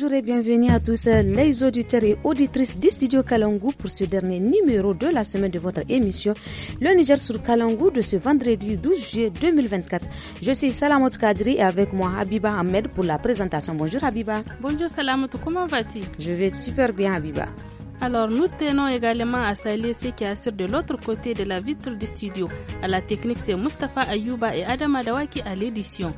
Bonjour et bienvenue à tous euh, les auditeurs et auditrices du studio Kalangou pour ce dernier numéro de la semaine de votre émission Le Niger sur Kalangou de ce vendredi 12 juillet 2024. Je suis Salamot Kadri et avec moi Habiba Ahmed pour la présentation. Bonjour Habiba. Bonjour Salamot, comment vas-tu Je vais super bien Habiba. Alors nous tenons également à saluer ceux qui assurent de l'autre côté de la vitre du studio. À la technique, c'est Mustapha Ayouba et Adam Adawaki à l'édition.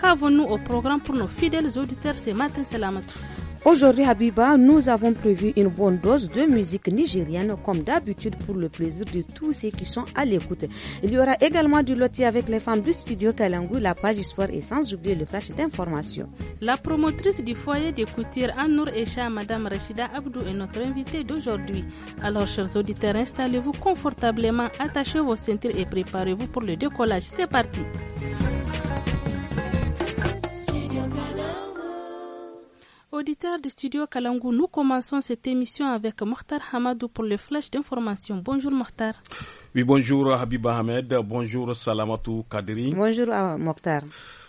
Qu'avons-nous au programme pour nos fidèles auditeurs ce matin, Salamatou Aujourd'hui, Biba, nous avons prévu une bonne dose de musique nigérienne, comme d'habitude, pour le plaisir de tous ceux qui sont à l'écoute. Il y aura également du loti avec les femmes du studio Kalangu, la page Histoire et sans oublier le flash d'information. La promotrice du foyer d'écouture Anour Annour Echa, Madame Rachida Abdou, est notre invitée d'aujourd'hui. Alors, chers auditeurs, installez-vous confortablement, attachez vos ceintures et préparez-vous pour le décollage. C'est parti! Auditeurs du studio Kalangou, nous commençons cette émission avec Mokhtar Hamadou pour le flash d'information. Bonjour Mokhtar. Oui, bonjour Habib Ahmed, bonjour Salamatou Kadiri. Bonjour euh, Mokhtar.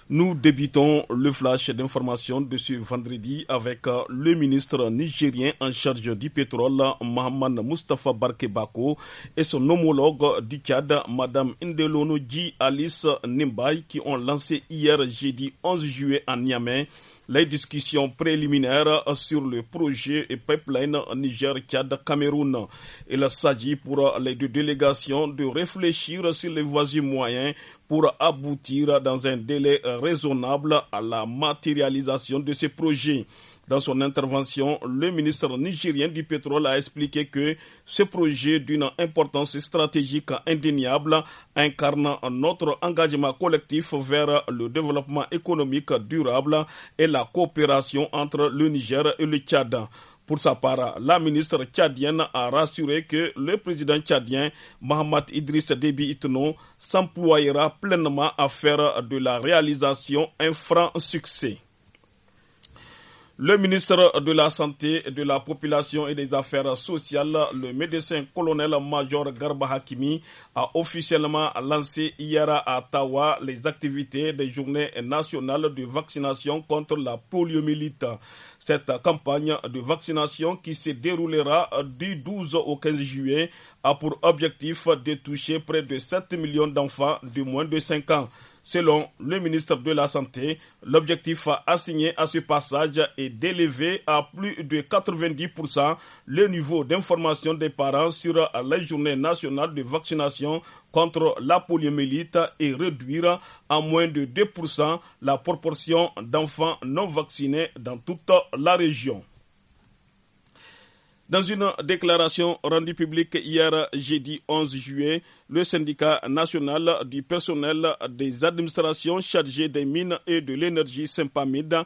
Nous débutons le flash d'information de ce vendredi avec euh, le ministre nigérien en charge du pétrole, Mohamed Mustafa Barkebako, et son homologue du Tchad, Madame Indelono Alice Nimbay, qui ont lancé hier jeudi 11 juillet à Niamey les discussions préliminaires sur le projet pipeline Niger-Tchad-Cameroun. Il s'agit pour les deux délégations de réfléchir sur les voies moyens pour aboutir dans un délai raisonnable à la matérialisation de ces projets. Dans son intervention, le ministre nigérien du pétrole a expliqué que ce projet d'une importance stratégique indéniable incarne notre engagement collectif vers le développement économique durable et la coopération entre le Niger et le Tchad. Pour sa part, la ministre tchadienne a rassuré que le président tchadien Mohamed Idriss Déby Itno s'employera pleinement à faire de la réalisation un franc succès. Le ministre de la Santé, de la Population et des Affaires sociales, le médecin colonel-major Garba Hakimi, a officiellement lancé hier à Ottawa les activités des journées nationales de vaccination contre la poliomyélite. Cette campagne de vaccination qui se déroulera du 12 au 15 juillet a pour objectif de toucher près de 7 millions d'enfants de moins de 5 ans. Selon le ministre de la Santé, l'objectif assigné à ce passage est d'élever à plus de 90% le niveau d'information des parents sur la journée nationale de vaccination contre la poliomyélite et réduire à moins de 2% la proportion d'enfants non vaccinés dans toute la région. Dans une déclaration rendue publique hier jeudi 11 juillet, le syndicat national du personnel des administrations chargées des mines et de l'énergie Sympamide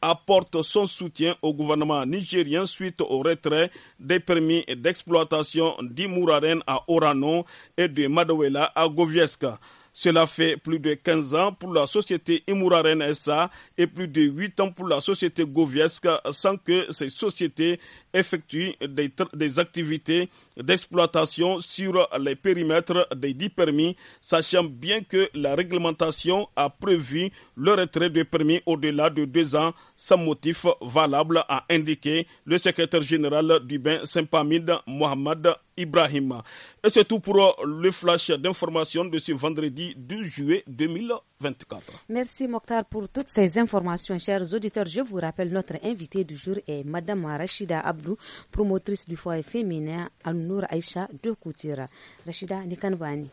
apporte son soutien au gouvernement nigérien suite au retrait des permis d'exploitation d'Imouraren à Orano et de Madouela à Govieska. Cela fait plus de 15 ans pour la société Imouraren SA et plus de 8 ans pour la société Goviesque sans que ces sociétés effectuent des, activités d'exploitation sur les périmètres des 10 permis, sachant bien que la réglementation a prévu le retrait des permis au-delà de 2 ans sans motif valable, a indiqué le secrétaire général du bain Saint-Pamide, Mohamed Ibrahim. Et c'est tout pour euh, le flash d'information de ce vendredi 2 juillet 2024. Merci Mokhtar pour toutes ces informations. Chers auditeurs, je vous rappelle notre invité du jour est Madame Rachida Abdou, promotrice du foyer féminin al Aïcha de Koutira. Rachida nikanwani.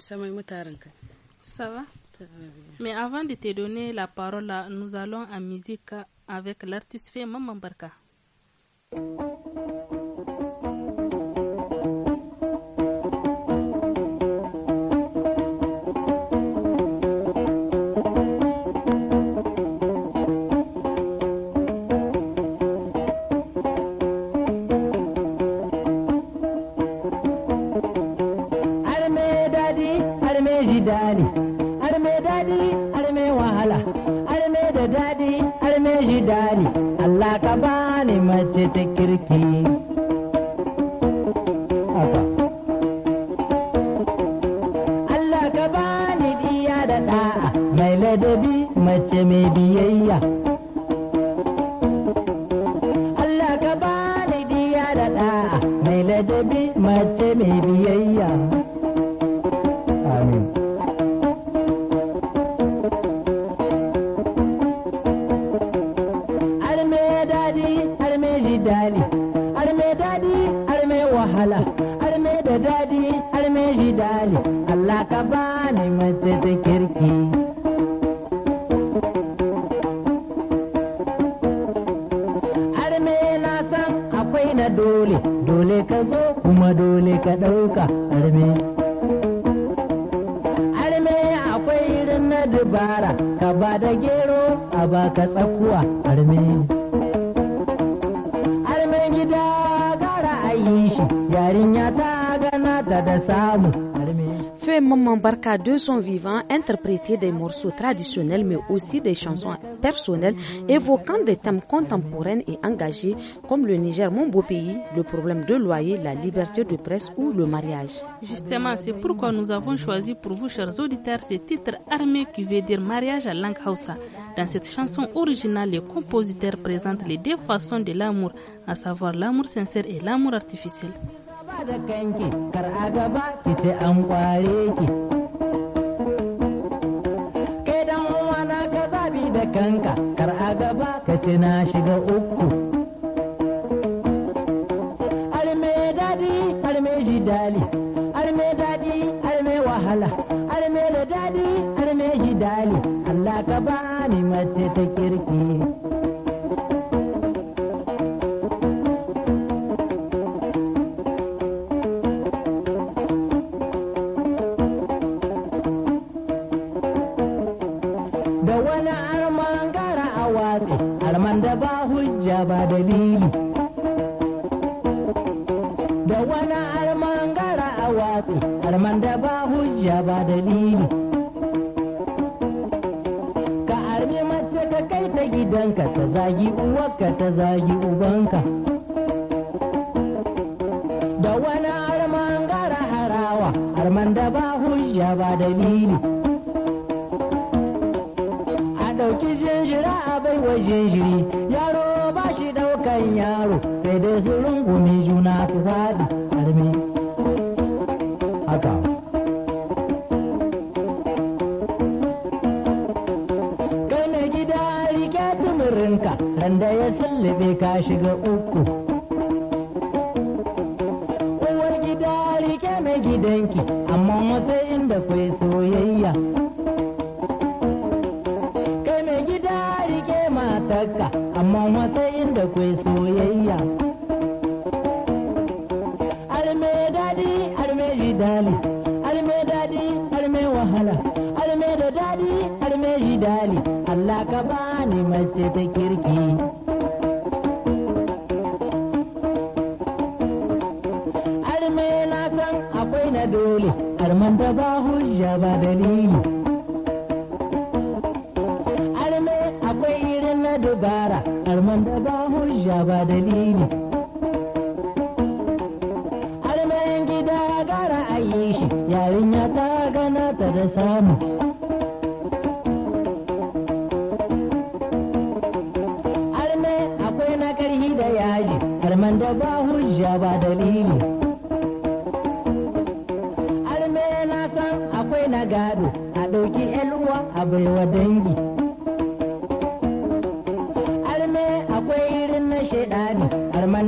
Ça va Mais avant de te donner la parole, nous allons à musique avec l'artiste fait Maman Barka. टेकर की wahala har me da dadi har me shi dali Allah ka bani mace ta kirki har me na san akwai na dole dole ka zo kuma dole ka ɗauka har me har me akwai irin na dubara ka ba da gero a baka tsakuwa har me Feu Maman Barka de son vivant des morceaux traditionnels mais aussi des chansons personnelles évoquant des thèmes contemporains et engagés comme le Niger, mon beau pays, le problème de loyer, la liberté de presse ou le mariage. Justement, c'est pourquoi nous avons choisi pour vous, chers auditeurs, ce titre armé qui veut dire mariage à langue Dans cette chanson originale, le compositeur présente les deux façons de l'amour, à savoir l'amour sincère et l'amour artificiel. kula da kanki kar a gaba ki ce an kware ki kai dan uwana ka zabi da kanka kar a gaba ka ce na shiga uku har me dadi har ji jidali har mai daɗi har mai wahala har mai da dadi har ji jidali Allah ka bani mace ta kirki ya ba dalili da wani alman gara a watsi alman da ba hujja ba dalili ka armi mace ka kai ta gidanka ta zagi uwarka ta zagi ubanka da wani alman gara harawa alman da ba hujja ba dalili ɗauki jinjira a baiwa jinjiri kan yaro sai dai su rungumi juna su faɗi karmi haka kai mai gida rike tumurinka randa ya sallube ka shiga uwa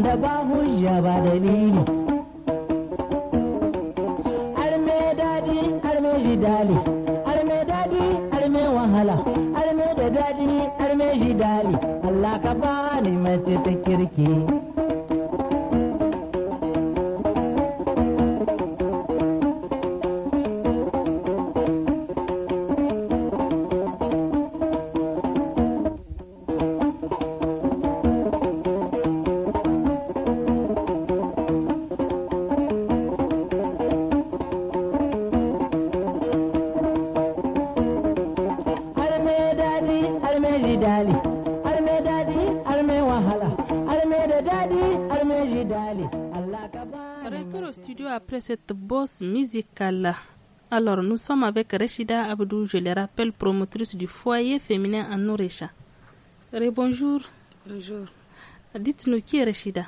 da ba ya ba dalili Alors, nous sommes avec Rachida Abdou, je le rappelle, promotrice du foyer féminin en Norécha. Bonjour. Bonjour. Dites-nous qui est Rachida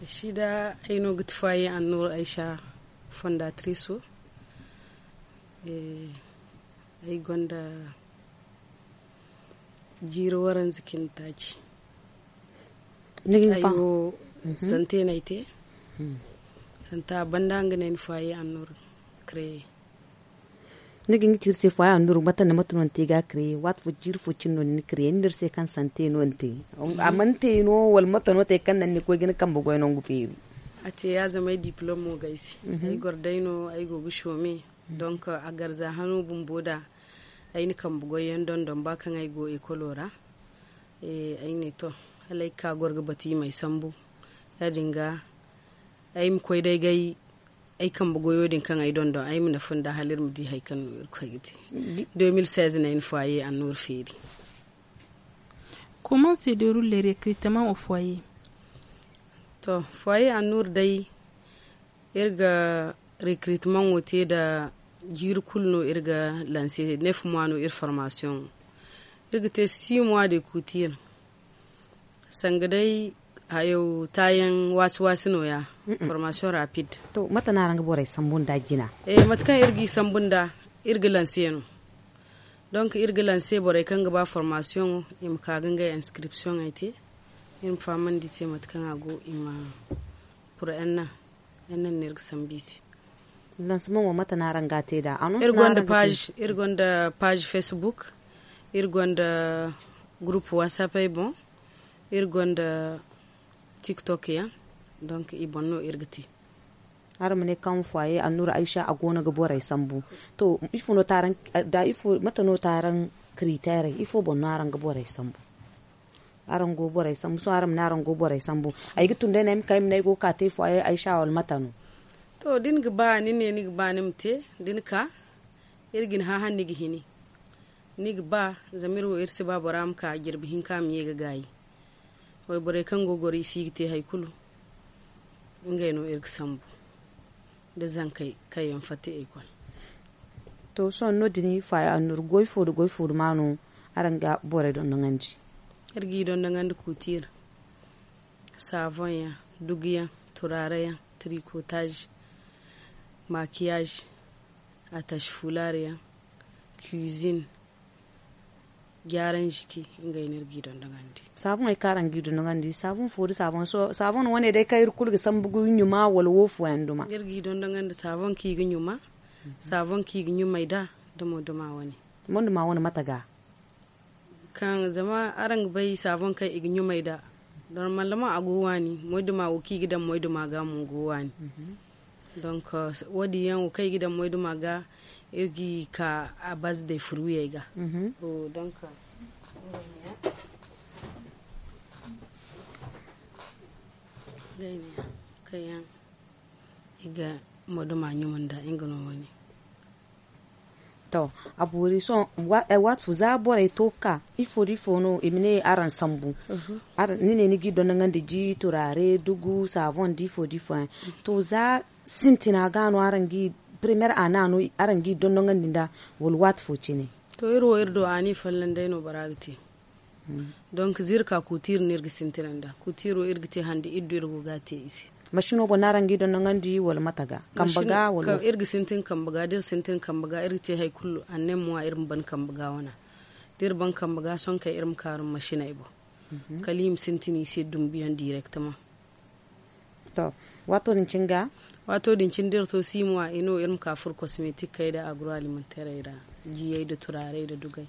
Rachida est notre foyer en Norécha, fondatrice. Et elle gonda jiro waran zikin taji ayo mhm. sante santé. Santa banda ngana ni foyer en Nour créé. Nigi ngi tirse foyer en Nour mata na matu non ga créé wat fu jir fu cin non ni créé ndir se kan santé non mm. te. Amante no wal mata no te kan nan ni ko gina kan bugo non fi Ate ya zama diplôme mo gaisi. Mhm. Ai gordaino ay gogu shomi mm. Donc a garza hanu boda ay ni kan bugo yon don don ba kan ay go e kolora. e ay ni to. Alai ka gorga bati mai sambu. Ya dinga ay mi koyday gay ay bugo yodin kan don dondo ay mi nafun da halir mu di haikan kan koygiti 2016 na in foyer an nur feri comment se déroule le recrutement au foyer to foyer an nur dai irga recrutement wote da jiri kulno irga lancer nef mois no ir formation irga te 6 mois de couture sangadai yau tayin wasu wasu noya formation rapid to mata na ranga borai sambun da gina eh matkan irgi sambun da irgilan seno donc irgi se borai kan gaba formation im ka ganga inscription te im famin di se matkan ago ima pour enna enna irgi sambisi lancement wa mata na ranga te da anons da page irgonda page facebook irgonda groupe whatsapp bon irgonda tiktok ya don ka ibonno irgiti har mune kan a annura aisha a gona ga borai sambu to ifo no taran da ifo mata no taran kritere ifo bonno aran ga borai sambu aran go borai sambu so aram na aran go borai sambu ay gitun de nem kaim nay go ka te fwaye aisha wal mata no to din ga ba ni ne ni ga ba nim te din ka irgin ha han ni gi ni ga ba zamiru irsi ba boram ka girbihin kam yi ga gayi kan bore kango te haikulu, haykulu ngeno irg sambu da zan kai kayan fata ikon to son no dini fa anur goy fodo goy fodo manu aranga bore don nanganji irgi don nangandi kutir savon ya dugiya turare ya tricotage maquillage attache foulard ya cuisine gyaran jiki inga inir gidon dongandi sabon ai karan gidon dongandi sabon fori sabon so sabon wone dai kayir kulga sambugu nyuma wal wofu anduma ngir gidon dangandi sabon ki gi nyuma sabon ki gi nyuma da da ma wani da ma wani mataga kan zama arang bai sabon kai igi nyuma da don mallama agowa ne da ma wuki gidan da ma ga mun gowa ne mhm. ka wadi yan kai gidan da ma ga egi ka a base de fruit yega mhm. iga modo ma nyumun da ingano wani to a bori so e wat fu za bore ka ifori fono imine aran sambu mhm. nine ni gido nan da ji turare dugu savon difo difo eh. mhm. to za sintina gano aran gi primaire ana no arangi donno ngandinda wol wat fo cine to iro irdo ani fallande no baragti donc zirka kutir nirgi ku kutiro irgite hande iddu irgo gate isi mashino bo narangi donno ngandi wol mataga kambaga wol ka irgi sintin kambaga dir sintin kambaga irgite hay kullu annem mo irin ban kambaga wana dir ban kambaga son kai irin karun mashina ibo mhm. kalim sintini sai dumbiyan directement to wato nin cinga wato dincin dirto to a ino irin kafur cosmetic kai da agroalimentary da jiyai da turare da dugai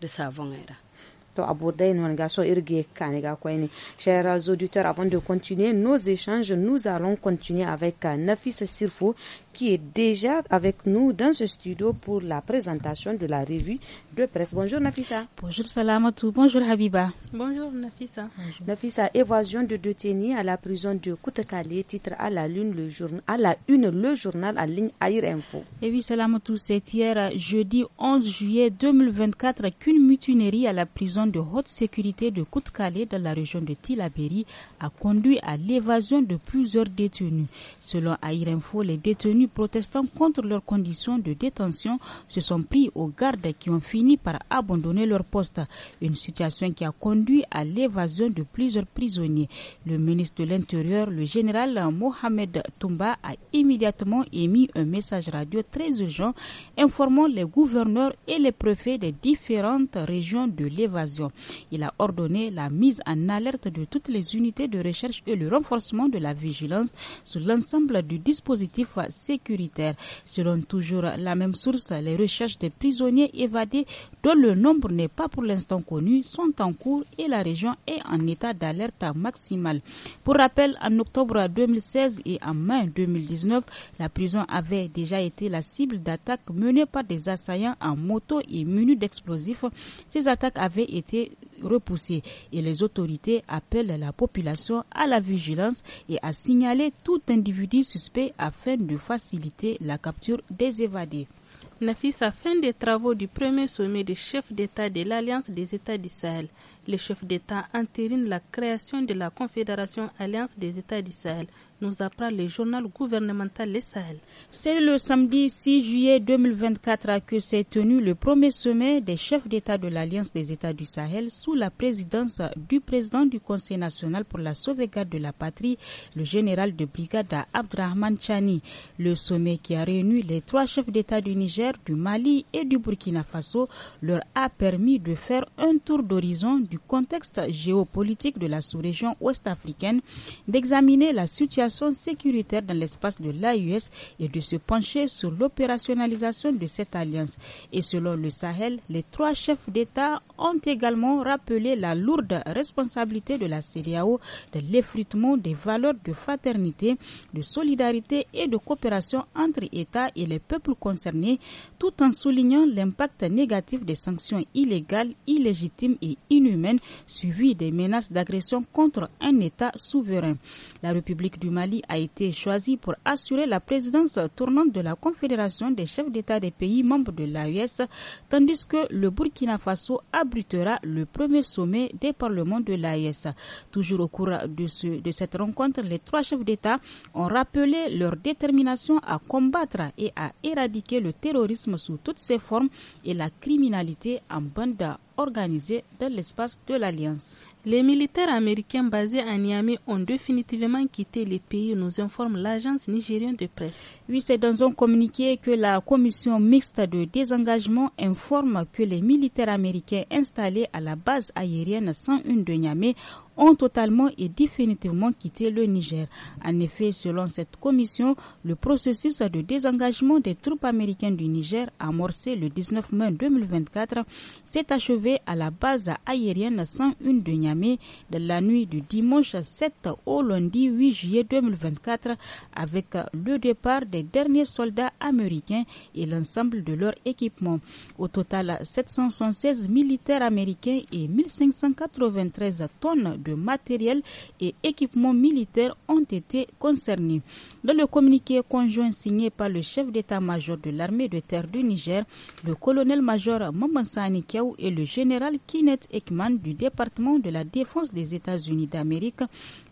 da sabon aira to aborder une organisation irgue abin da chers auditeurs avant de continuer nos échanges nous allons continuer avec euh, Nafis sirfu. qui est déjà avec nous dans ce studio pour la présentation de la revue de presse. Bonjour Nafisa. Bonjour Salamatou. Bonjour Habiba. Bonjour Nafisa. Nafisa, évasion de détenus à la prison de Côte-Calais titre à la, lune, le journal, à la une le journal en ligne Air Info. Et oui Salamatou, c'est hier jeudi 11 juillet 2024 qu'une mutinerie à la prison de haute sécurité de Côte-Calais dans la région de Tilaberi a conduit à l'évasion de plusieurs détenus. Selon Air Info, les détenus protestants protestant contre leurs conditions de détention se sont pris aux gardes qui ont fini par abandonner leur poste. Une situation qui a conduit à l'évasion de plusieurs prisonniers. Le ministre de l'Intérieur, le général Mohamed Toumba, a immédiatement émis un message radio très urgent informant les gouverneurs et les préfets des différentes régions de l'évasion. Il a ordonné la mise en alerte de toutes les unités de recherche et le renforcement de la vigilance sur l'ensemble du dispositif Selon toujours la même source, les recherches des prisonniers évadés, dont le nombre n'est pas pour l'instant connu, sont en cours et la région est en état d'alerte maximale. Pour rappel, en octobre 2016 et en mai 2019, la prison avait déjà été la cible d'attaques menées par des assaillants en moto et munis d'explosifs. Ces attaques avaient été repoussées et les autorités appellent la population à la vigilance et à signaler tout individu suspect afin de faire faciliter la capture des évadés. Nafis, a fin des travaux du premier sommet des chefs d'État de l'Alliance des États d'Israël les chefs d'État entérinent la création de la Confédération Alliance des États du Sahel, nous apprend le journal gouvernemental Les Sahel. C'est le samedi 6 juillet 2024 que s'est tenu le premier sommet des chefs d'État de l'Alliance des États du Sahel sous la présidence du président du Conseil national pour la sauvegarde de la patrie, le général de brigade Abdrahman Chani. Le sommet qui a réuni les trois chefs d'État du Niger, du Mali et du Burkina Faso leur a permis de faire un tour d'horizon du contexte géopolitique de la sous-région ouest-africaine, d'examiner la situation sécuritaire dans l'espace de l'AUS et de se pencher sur l'opérationnalisation de cette alliance. Et selon le Sahel, les trois chefs d'État ont également rappelé la lourde responsabilité de la CDAO de l'effritement des valeurs de fraternité, de solidarité et de coopération entre États et les peuples concernés, tout en soulignant l'impact négatif des sanctions illégales, illégitimes et inhumaines suivi des menaces d'agression contre un État souverain. La République du Mali a été choisie pour assurer la présidence tournante de la Confédération des chefs d'État des pays membres de l'AES, tandis que le Burkina Faso abritera le premier sommet des parlements de l'AES. Toujours au cours de, de cette rencontre, les trois chefs d'État ont rappelé leur détermination à combattre et à éradiquer le terrorisme sous toutes ses formes et la criminalité en bande organisée dans l'espace de l'Alliance. Les militaires américains basés à Niamey ont définitivement quitté le pays, nous informe l'agence nigérienne de presse. Oui, c'est dans un communiqué que la commission mixte de désengagement informe que les militaires américains installés à la base aérienne 101 de Niamey ont totalement et définitivement quitté le Niger. En effet, selon cette commission, le processus de désengagement des troupes américaines du Niger, amorcé le 19 mai 2024, s'est achevé à la base aérienne 101 de Niamey de la nuit du dimanche 7 au lundi 8 juillet 2024 avec le départ des derniers soldats américains et l'ensemble de leur équipement. Au total, 716 militaires américains et 1593 tonnes de matériel et équipements militaires ont été concernés. Dans le communiqué conjoint signé par le chef d'état-major de l'armée de terre du Niger, le colonel-major Mamansani Kiaou et le général Kinet Ekman du département de la défense des États-Unis d'Amérique,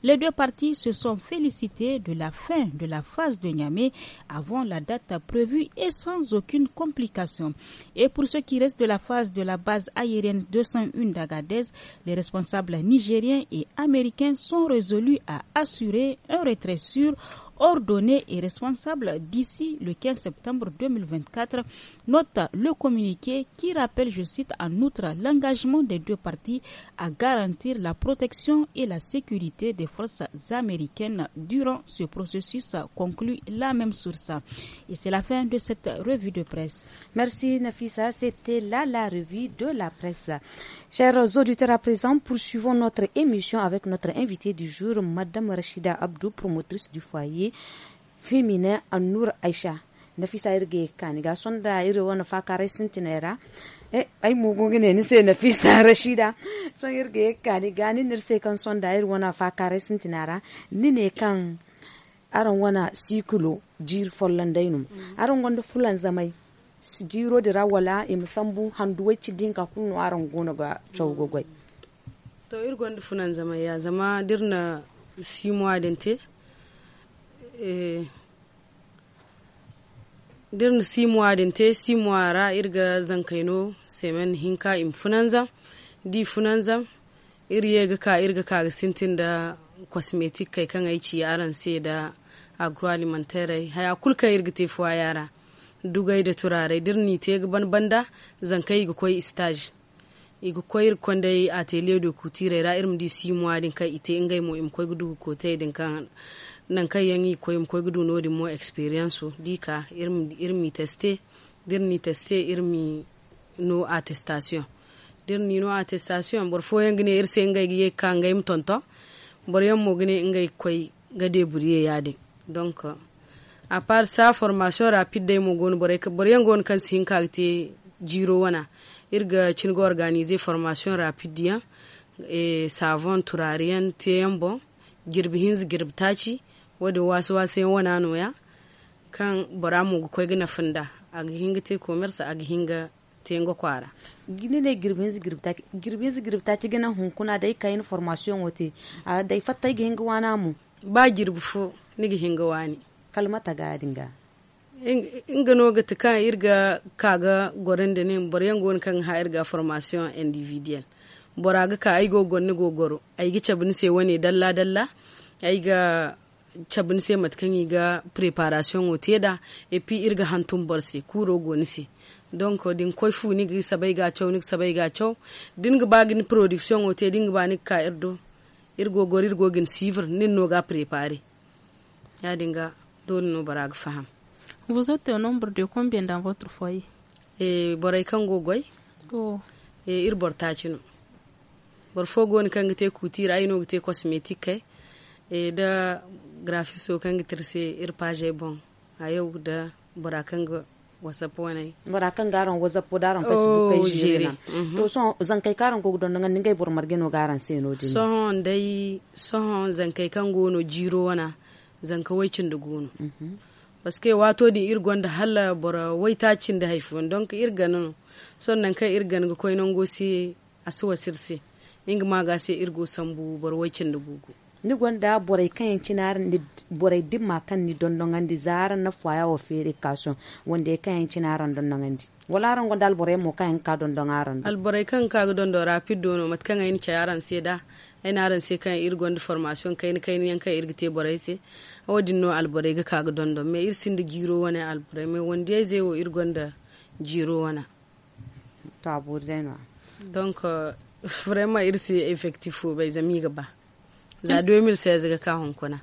les deux parties se sont félicitées de la fin de la phase de Niamey avant la date prévue et sans aucune complication. Et pour ce qui reste de la phase de la base aérienne 201 d'Agadez, les responsables nigériens et américains sont résolus à assurer un retrait sûr ordonnée et responsable d'ici le 15 septembre 2024, note le communiqué qui rappelle, je cite, en outre l'engagement des deux parties à garantir la protection et la sécurité des forces américaines durant ce processus, conclut la même source. Et c'est la fin de cette revue de presse. Merci Nafisa, c'était là la revue de la presse. Chers auditeurs, à présent, poursuivons notre émission avec notre invité du jour, Madame Rachida Abdou, promotrice du foyer femine femina annur aisha na fisa irge ga sonda iri wani fakarai sintinera eh ai mugu gine ni sai na fisa rashida son irge kaniga ni nirse kan sonda iri wani fakarai sintinera ni ne kan aran wana sikulo jir follan dainum mm. aran wanda fulan zamai jiro dira wala imsambu handuwai cidin dinka kunu aran gona ga chawgogoi to irgon funan zamai ya zama dirna fimo adente Eh, dirni simwa dinte simuwa ra irga zankaino semen hinka in funanza di funanza irye ga ka irga ka ga sintin da cosmetic kai kan aici yaran se da agroalimentary haya kulka irga fuwa yara dugai da turare dirni te ga banbanda zankai ga koi stage igu koyir konde a tele da kutire ra irin di si mo din kai ite ingai mo im koy gudu ko te din kan nan kai yan yi koyi koy gudu no di mo experience di ka irin mi teste ni teste mi no attestation ni no attestation bor fo yangi ne irse ngai gi ka ngai mu tonto bor yam mo gine ngai ga de buriye yade donc a part sa formation rapide de mo gon bor bor gon kan sin ka te jiro wana irga cingo organiser formation rapide yan e savon turariyan tembo girbi hinz girbtaci wadda wasu wasu yan wana noya kan bora mu ga kwai gina funda a ga hinga te commerce a ga hinga tengo kwara gine ne girbin girbi girbin girbi ti gina hunkuna dai ka information wote a dai fatta ga hinga wana mu ba girbu fo ni ga hinga wani kalmata ga dinga gano ga tuka irga kaga gwarin da ne boryan gon kan ha irga formation individual ga ka aigo gonni gogoro goro aigi cabin sai wani dalla dalla aiga cabin sai matkan ga preparation oteda e pi irga hantun borse kuro gonisi don ko din koy fu ni gi sabai ga chow ni sabai ga chow din ga bagin production ote din ga ni ka irdo irgo gorir gogin sivir nin no ga prepare ya dinga dole no ga faham Vous êtes au nombre de combien dans votre foyer Eh, borai kan gogoi. Oh. Eh, ir borta cinu. Bor fogo ni kan te kutira ai no gite cosmetic kai. E, da grafiso kan gitir se ir page bon. A yau da bora kan go WhatsApp wani. Bora kan garon WhatsApp daron Facebook kai oh, e jere. Mhm. To so zan kai karon ko don ngan ningai bor marge no garan se no dini. Sohon dai sohon zan kai kan gono jiro wana. Zan kawai cin gono. Mm -hmm. parce que wato di irgo da hala bora wai waitacin da haifun don ka son nan kai irga ga koi nan gosi asuwa sirse sirsi ma ga sai irgo sambu bor cin da bugu ni gonda borai kan yanci na ni borai din ma kan ni don don andi zara na faya wa fere kaso wanda ya kan yanci na ran don don andi wala ran gonda alborai mo kan ka don don aran alborai kan ka don don rapido don mat kan yanci yaran sai da ina ran sai kan irgon da formation kai ni kai ni yankan irgite borai sai wadin no alborai ga kaga dondo me ir da giro wani alborai me wonde ai zai wo irgon da giro wana to abur na. donc vraiment si effectif bai zami gaba za 2016 ga kahon kuna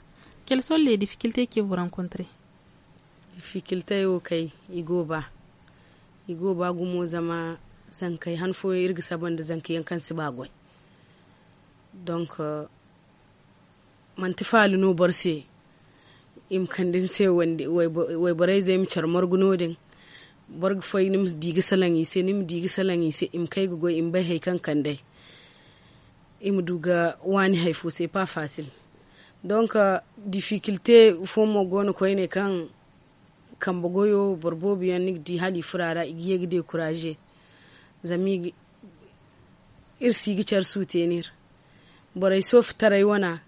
quelles sont les difficultés que vous rencontrez difficulté yo kai igo ba gumo zama zankai hanfo irgi saban da zankai yankan su bagwai donc euh, manti falu no barse im kandin se wande way boray zai mi char marguno din borg fay nim digi salangi se nim digi salangi se im kai go im bai hai kan kan dai im duga wani haifu sai pa facile donc euh, difficulté fo mo gono ko ine kan kan bugoyo borbo biyan nik di hali furara igiye gide courage zami irsi gicar su tenir boray sof taray wana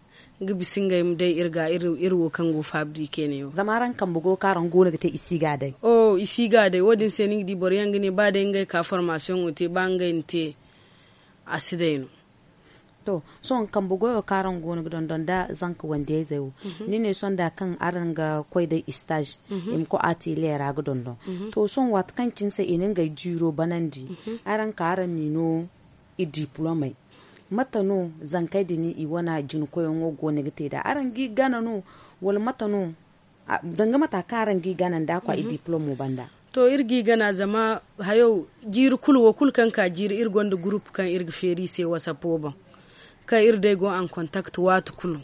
ga bisinga im dai irga irwo kan go fabri kene yo zamaran kan bugo karan gona ga te isiga dai oh isiga dai sai ni di boryan ne, ba dai ngai ka formation uti bangai nte asidaino to son kan bugo yo karan gona ga don don da zanka wanda ya zayo ni mhm. ne son da kan aran ga koi dai stage mhm. im ko ati lera ga don don mhm. to son wat kan cin sai inin ga jiro banandi aran ka aran ni no i diploma matano zankai ni i wana jin koyon wo ne gite da arangi gana nu wal matano danga mata gi gana da kwa mm -hmm. i mhm. diploma banda to irgi gana zama hayo jiri kulwo kulkan ka jiri ir gonda group kan irgi feri se wasa poba ka ir dai go an contact watu kulu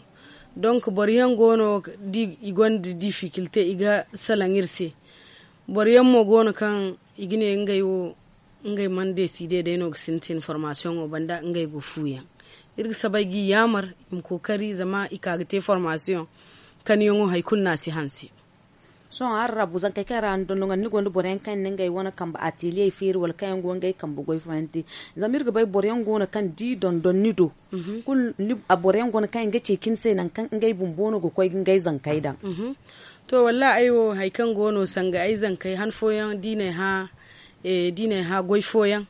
donc boriyan gono di igonda difficulté iga salangirse boriyan mo gono kan igine ngayo ngay man decide de no sinti information o banda ngay go fuya irga sabagi yamar im kokari zama ikagte formation kan yongo hay kunna si hansi so an rabu zan kai kara don don ni gondo boren kan ne ngai wona kamba atelier fir wal kan go ngai kamba goy fanti zamir ga bai boren go na kan di don don ni do mhm. kul ni a boren go na kan ga ce kin sai nan kan ngai bumbono go koy ngai zan kai dan mhm. to wallahi ayo hay kan go no sanga ai zan kai han foyan dine ha e dine ha goy foyan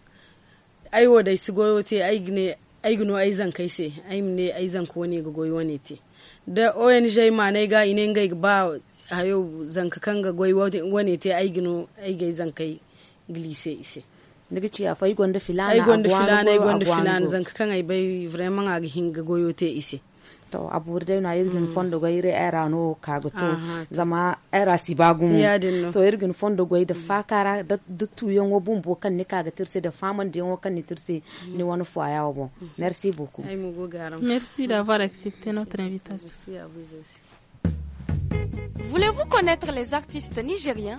ay woday su goyo te ai gine ay gino ay zan kai se ai mne ay zan ko ne ga goyo wani te da ONG ma nai ga ine ngai ba hayo zan ka kanga goyo wane te ai gino ai gai zan kai glise ise daga ci a fai gonda filana ai gonda filana ai gonda filana zan ka kan ai bai vraiment a ga hinga goyo te ise to aburde na irgin mm. fondo go era no kago to uh -huh. zama era sibagum yeah, to irgin fondo go da mm. fakara da dutu yon wo bumbo kan ni kaga tirse da faman de yon kan ni tirse mm. ni wono fo wo bon mm. merci beaucoup Ay, merci d'avoir accepté notre invitation merci à vous aussi Voulez-vous connaître les artistes nigériens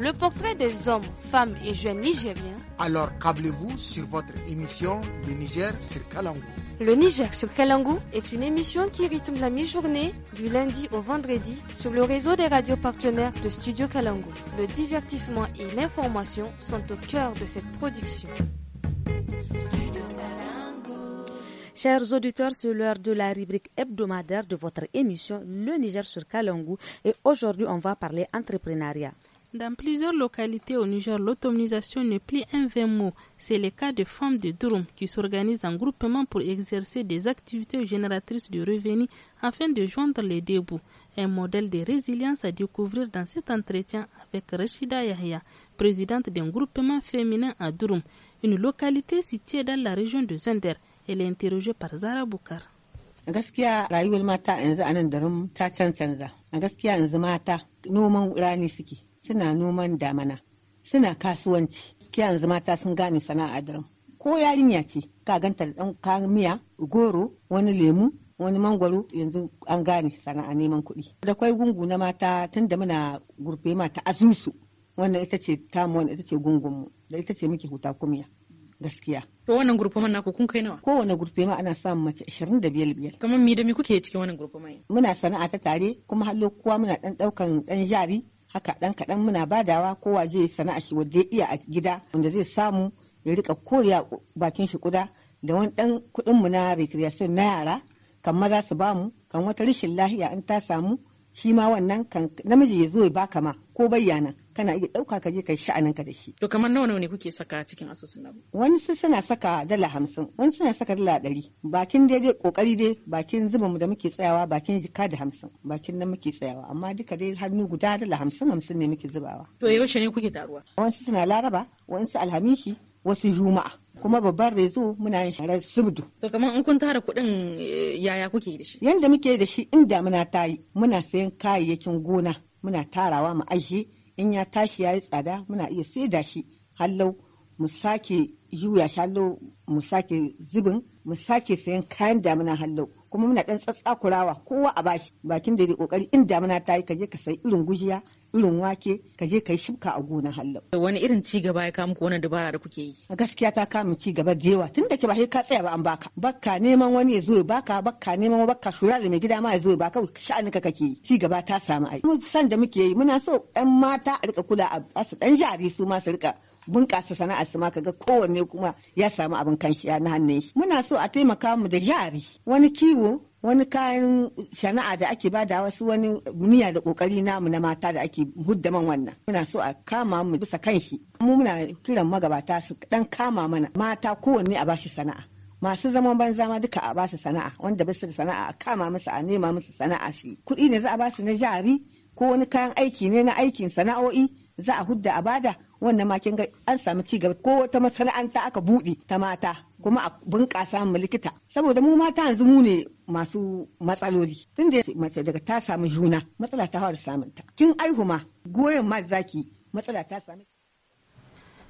le portrait des hommes, femmes et jeunes nigériens. Alors câblez-vous sur votre émission Le Niger sur Kalangou. Le Niger sur Kalangou est une émission qui rythme la mi-journée du lundi au vendredi sur le réseau des radios partenaires de Studio Kalangou. Le divertissement et l'information sont au cœur de cette production. Chers auditeurs, c'est l'heure de la rubrique hebdomadaire de votre émission Le Niger sur Kalangou et aujourd'hui on va parler entrepreneuriat. Dans plusieurs localités au Niger, l'autonomisation n'est plus un vain mot. C'est le cas de femmes de Durum qui s'organisent en groupement pour exercer des activités génératrices de revenus afin de joindre les deux bouts. Un modèle de résilience à découvrir dans cet entretien avec Rachida Yahya, présidente d'un groupement féminin à Durum, une localité située dans la région de Zender. Elle est interrogée par Zara Boukar. suna noman damana suna kasuwanci yanzu mata sun gane sana'a daren ko yarinya ce ka ganta da dan kayan miya goro wani lemu wani mangwaro yanzu an gane sana'a neman kuɗi da kwai gungu na mata tun da muna gurfe mata azusu wannan ita ce tamu wannan ita ce gungunmu da ita ce muke huta kumiya gaskiya to wannan gurfe gurfaman naku kun kai nawa ko wannan gurfe ma ana samun mace 25 biyar kamar mi da mi kuke cikin wannan gurfe mai muna sana'a ta tare kuma har kowa muna dan daukan dan jari haka dan kaɗan muna badawa kowa zai sana'a shi wanda ya iya a gida wanda zai samu ya rika koriya bakin shi kuda da wani dan kuɗin mu na recreation na yara kan maza su bamu kan wata rashin lahiya in ta samu shi ma wannan kan namiji ya zo ya baka ma ko bayyana kana iya ɗauka ka je ka yi sha'anin ka da shi. To kamar nawa nawa ne kuke saka cikin asusun nan? Wani su suna saka dala hamsin, wani suna saka dala ɗari. Bakin dai dai ƙoƙari dai bakin zuba mu da muke tsayawa bakin jika da hamsin bakin nan muke tsayawa amma duka dai hannu guda dala hamsin hamsin ne muke zubawa. To yaushe ne kuke taruwa? Wani suna laraba, wasu alhamishi, wasu juma'a. kuma babban rezo muna yin sharar subdu. To kamar in kun tara kuɗin eh, yaya kuke da shi? Yanda muke da shi inda muna tayi muna sayan kayayyakin gona muna tarawa mu ajiye in ya tashi ya yi tsada muna iya saida shi hallau mu sake yuya shi hallau mu sake zubin mu sake sayan kayan damina hallau kuma muna dan tsatsakurawa kowa a bashi bakin da ya kokari in damina ta yi ka je ka sayi irin gujiya irin wake ka je ka yi shuka a gona hallau. Wani irin ci gaba ya kamu wani dabara da kuke yi? A Gaskiya ta kama ci gaba da yawa tun da ke ba sai ka tsaya ba an baka. Bakka neman wani ya zo ya baka bakka neman bakka shura da mai gida ma ya zo ya baka sha'anin ka kake yi. Ci gaba ta samu ai. Mun san da muke yi muna so ɗan mata a rika kula a su ɗan jari su ma su rika bunƙasa sana'ar su ma ga kowanne kuma ya samu abin kanshi na hannun shi. Muna so a taimaka mu da jari wani kiwo wani kayan shana'a da ake bada wasu wani miya da kokari namu na mata da ake hudda man wannan muna so a kama mu bisa kan shi mu muna kiran magabata su dan kama mana mata kowanne a bashi sana'a masu zaman banza ma duka a basu sana'a wanda basu da sana'a a kama musu a nema musu sana'a su kuɗi ne za a basu na jari ko wani kayan aiki ne na aikin sana'o'i za a hudda a bada wannan ma kin ga an samu ci gaba ko wata masana'anta aka buɗe ta mata kuma a bunƙasa mu likita saboda mu mata yanzu mu ne masu matsaloli tun da mace daga ta samu juna matsala ta fara samun ta kin aihu ma goyon ma zaki matsala ta samu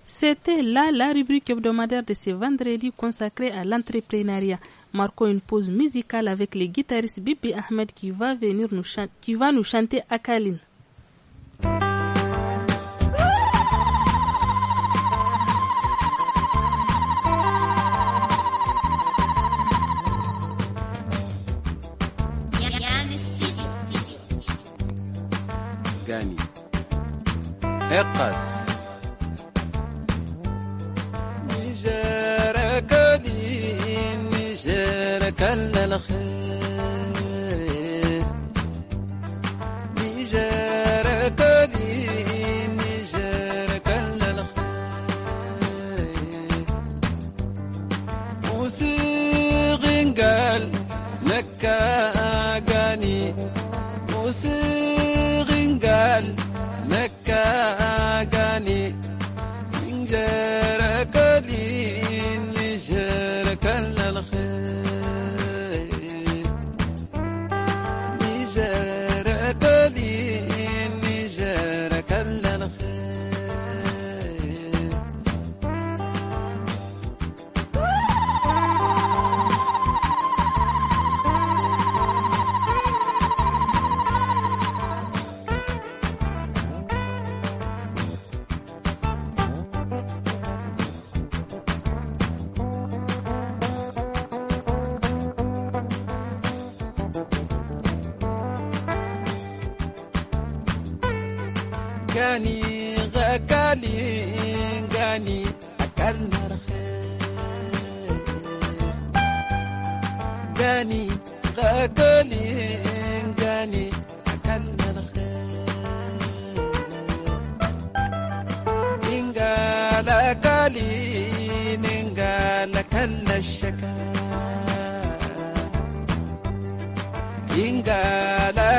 C'était là la rubrique hebdomadaire de ce vendredi consacrée à l'entrepreneuriat. Marquons une pause musicale avec le guitariste Bibi Ahmed qui va, venir nous qui va nous chanter Akaline. Us.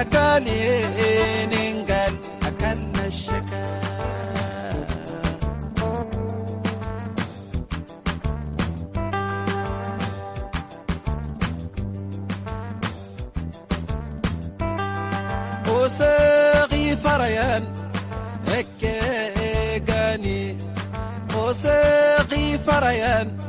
شكانين انقل أكلنا الشكا وصغي فريان هكي قاني وصغي فريان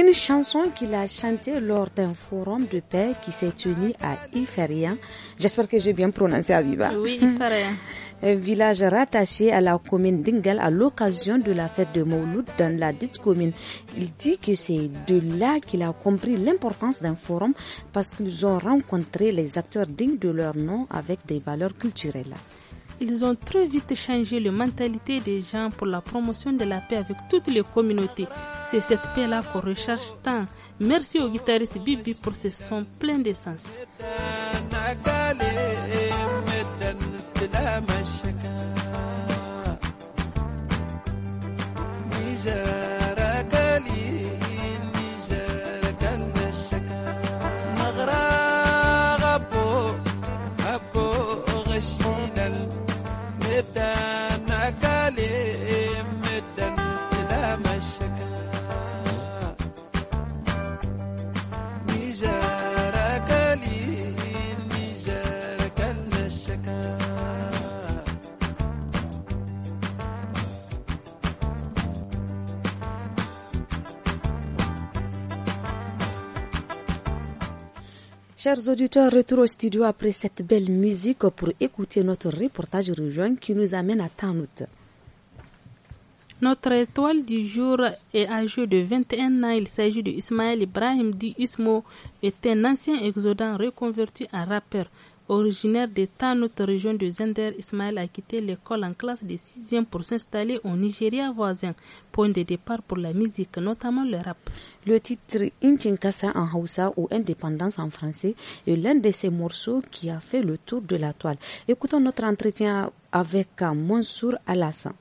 Une chanson qu'il a chantée lors d'un forum de paix qui s'est tenu à Iferien. J'espère que j'ai bien prononcé Aviva. Oui, Un village rattaché à la commune d'Ingal à l'occasion de la fête de Mouloud dans la dite commune. Il dit que c'est de là qu'il a compris l'importance d'un forum parce qu'ils ont rencontré les acteurs dignes de leur nom avec des valeurs culturelles ils ont très vite changé les mentalité des gens pour la promotion de la paix avec toutes les communautés. C'est cette paix-là qu'on recherche tant. Merci au guitariste Bibi pour ce son plein d'essence. Chers auditeurs, retour au studio après cette belle musique pour écouter notre reportage rejoint qui nous amène à Tanout. Notre étoile du jour est âgée de 21 ans. Il s'agit de Ismaël Ibrahim Di Ismo, est un ancien exodant reconverti en rappeur. Originaire d'État, notre région de Zender, Ismaël a quitté l'école en classe de 6e pour s'installer au Nigeria voisin, point de départ pour la musique, notamment le rap. Le titre Inchinkasa en Hausa ou Indépendance en français est l'un de ces morceaux qui a fait le tour de la toile. Écoutons notre entretien avec Mansour Alassane.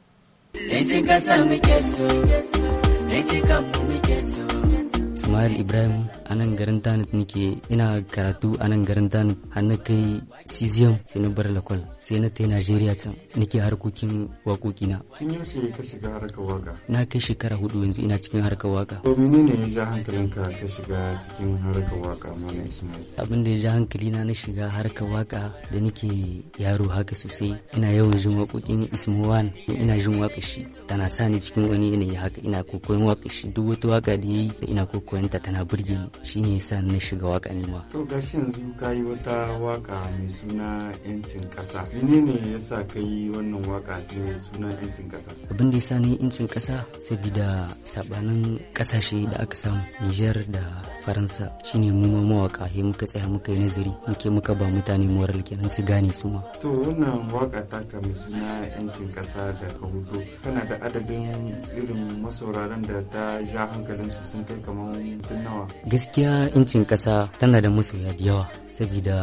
Ismail Ibrahim a nan garin Tanit nike ina karatu a nan garin Tanit har na kai Sizium sai na bar lakwal sai na tai Najeriya can nike harkokin waƙoƙi na. Tun yaushe ka shiga harkar waka? Na kai shekara hudu yanzu ina cikin harkar waka. To ne ya ja hankalinka ka shiga cikin harkar waka mana Ismail? Abin da ya ja hankali na na shiga harkar waka da nike yaro haka sosai ina yawan jin waƙoƙin Ismail ina jin waƙa shi tana sa ni cikin wani yanayi haka ina kokoyin waka shi duk wata waka da yayi ina kokoyin ta tana burge ni shine yasa na shiga waka ne ma to gashi yanzu yi wata waka mai suna yancin kasa menene yasa kai wannan waka mai suna yancin kasa abin da yasa ni yancin kasa saboda sabanin kasashe da aka samu Niger da Faransa shine mu ma mawaka he muka tsaya muka yi nazari muke muka ba mutane moral kenan su gane su ma to wannan waka ta ka mai suna yancin kasa da ka hudu kana da adadin irin masauraran da ta ja hankalinsu sun kai kamar tun nawa gaskiya incin ƙasa tana da masoya da yawa saboda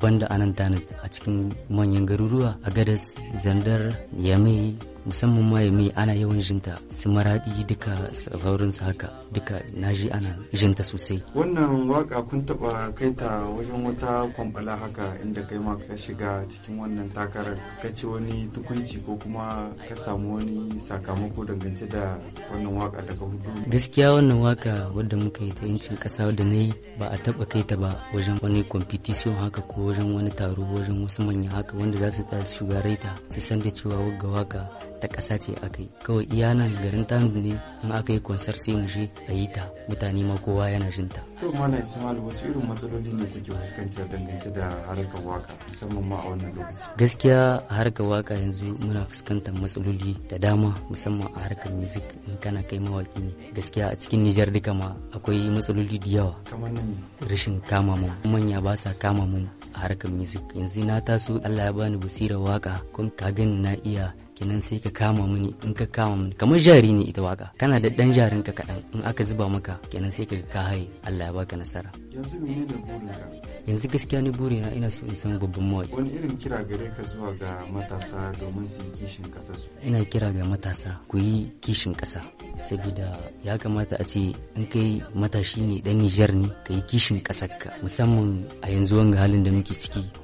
banda anan tana a cikin manyan garuruwa a gadas zandar yamai musamman ma yamai ana yawan jinta su maraɗi duka sauransu haka duka naji ana jinta sosai wannan waka kun taba kai ta wajen wata kwambala haka inda kai ma ka shiga cikin wannan takarar ka ci wani tukunci ko kuma ka samu wani sakamako dangance da wannan waka da ka hudu gaskiya wannan waka wadda muka yi ta yancin ƙasa wadda na yi ba a taba kai ta ba wajen wani kwamfi competition haka ko wajen wani taro wajen wasu manya haka wanda za su ta shugaraita su san da cewa wagga waka ta ƙasa ce aka yi kawai iya nan garin tanu ne in aka yi konsar sai mu je a yi ta mutane ma kowa yana jin ta. to mana malu wasu irin matsaloli ne kuke fuskantar dangance da harkar waka musamman ma a wannan lokaci. gaskiya a harkar waka yanzu muna fuskantar matsaloli da dama musamman a harkar music in kana kai mawaki ne gaskiya a cikin nijar duka ma akwai matsaloli da yawa. kamar nan rashin kama mu manya ba sa kama mu a harkar music yanzu na taso Allah ya bani basira waka kuma ka gani na iya kenan sai ka kama mini in ka kama mini kamar jari ne ita waka kana da dan jarin ka kadan in aka zuba maka kenan sai ka ka haye Allah ya baka nasara yanzu burin burinka yanzu gaskiya ni burina ina so in san babban mawaki wani irin kira gare ka zuwa ga matasa domin su yi kishin kasa su ina kira ga matasa ku yi kishin kasa saboda ya kamata a ce in kai matashi ne dan Nijar ne ka yi kishin kasar ka musamman a yanzu wanga halin da muke ciki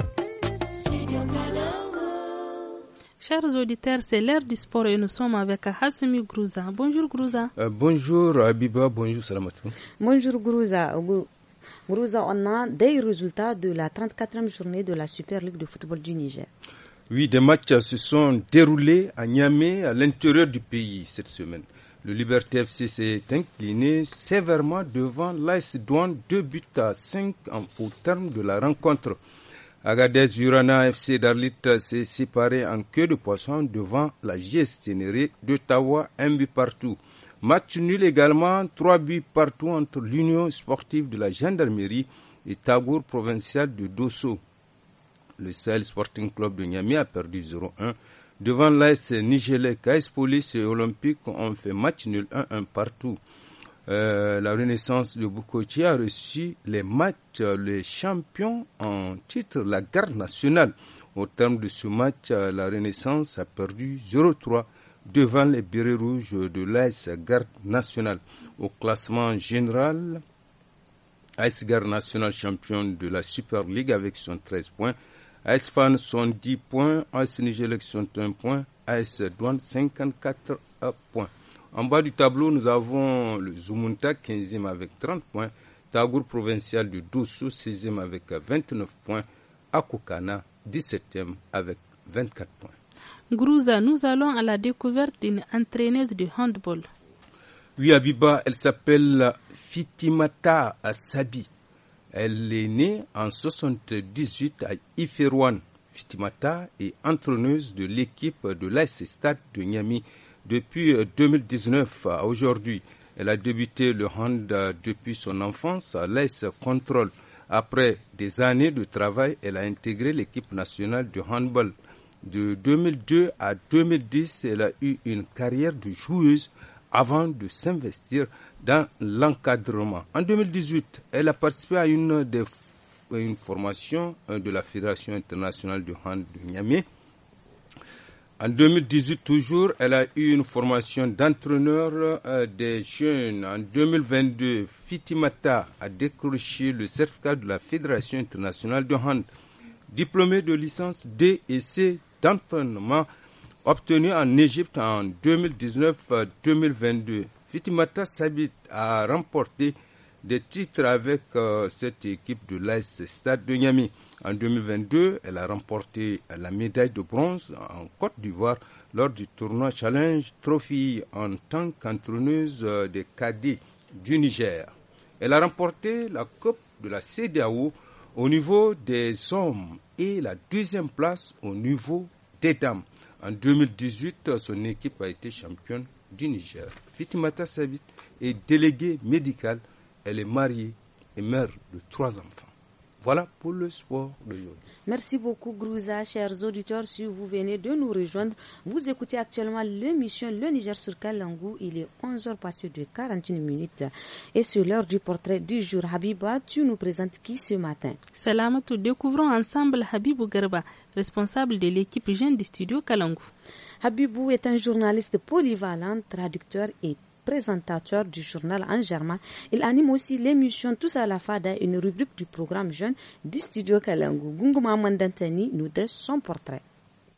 Chers auditeurs, c'est l'heure du sport et nous sommes avec Hassumi Grouza. Bonjour Grouza. Euh, bonjour Abiba, bonjour Salamatou. Bonjour Grouza. Grouza, on a des résultats de la 34e journée de la Super Ligue de football du Niger. Oui, des matchs se sont déroulés à Niamey, à l'intérieur du pays cette semaine. Le Liberté FC s'est incliné sévèrement devant l'AS Douane, deux buts à 5 au terme de la rencontre. Agadez Urana FC d'Arlit s'est séparé en queue de poisson devant la de d'Ottawa, un but partout. Match nul également, trois buts partout entre l'Union sportive de la gendarmerie et Tabour provincial de Dosso. Le Sahel Sporting Club de Niamey a perdu 0-1. Devant l'AS Nigelais, KS Police et Olympique ont fait match nul 1-1 partout. Euh, la Renaissance de Bukoti a reçu les matchs, euh, les champions en titre, la garde nationale. Au terme de ce match, euh, la Renaissance a perdu 0-3 devant les bureaux Rouges de l'AS Garde nationale. Au classement général, AS Garde nationale champion de la Super League avec son 13 points. AS Fan son 10 points, AS Niger son 1 point, AS Douane 54 points. En bas du tableau, nous avons le Zumunta, 15e avec 30 points. Tagour provincial du Dosso, 16e avec 29 points. Akukana 17e avec 24 points. Grouza, nous allons à la découverte d'une entraîneuse de handball. Oui, Abiba, elle s'appelle Fitimata Asabi. Elle est née en 1978 à Iferouane. Fitimata est entraîneuse de l'équipe de l'AS Stade de Niamey. Depuis 2019 euh, euh, à aujourd'hui, elle a débuté le hand euh, depuis son enfance. Laisse contrôle. Après des années de travail, elle a intégré l'équipe nationale de handball. De 2002 à 2010, elle a eu une carrière de joueuse avant de s'investir dans l'encadrement. En 2018, elle a participé à une, des, une formation de la Fédération internationale du hand de Miami. En 2018 toujours, elle a eu une formation d'entraîneur euh, des jeunes. En 2022, Fitimata a décroché le certificat de la Fédération internationale de hand, diplômée de licence D et C d'entraînement obtenu en Égypte en 2019-2022. Euh, Fitimata s'habite à remporter des titres avec euh, cette équipe de l'AS Stade de Niamey. En 2022, elle a remporté la médaille de bronze en Côte d'Ivoire lors du tournoi Challenge Trophy en tant qu'entraîneuse euh, des cadets du Niger. Elle a remporté la Coupe de la CDAO au niveau des hommes et la deuxième place au niveau des dames. En 2018, son équipe a été championne du Niger. Fitimata Savit est déléguée médicale. Elle est mariée et mère de trois enfants. Voilà pour le sport de Lyon. Merci beaucoup, Grouza. Chers auditeurs, si vous venez de nous rejoindre, vous écoutez actuellement l'émission Le Niger sur Kalangou. Il est 11h passé de 41 minutes. Et c'est l'heure du portrait du jour. Habiba, tu nous présentes qui ce matin Nous découvrons ensemble Habibou Garba, responsable de l'équipe jeune du studio Kalangou. Habibou est un journaliste polyvalent, traducteur et présentateur du journal en germain. Il anime aussi l'émission Tous à la Fada, une rubrique du programme Jeune du studio Kalangu. Gunguma Mandantani nous dresse son portrait.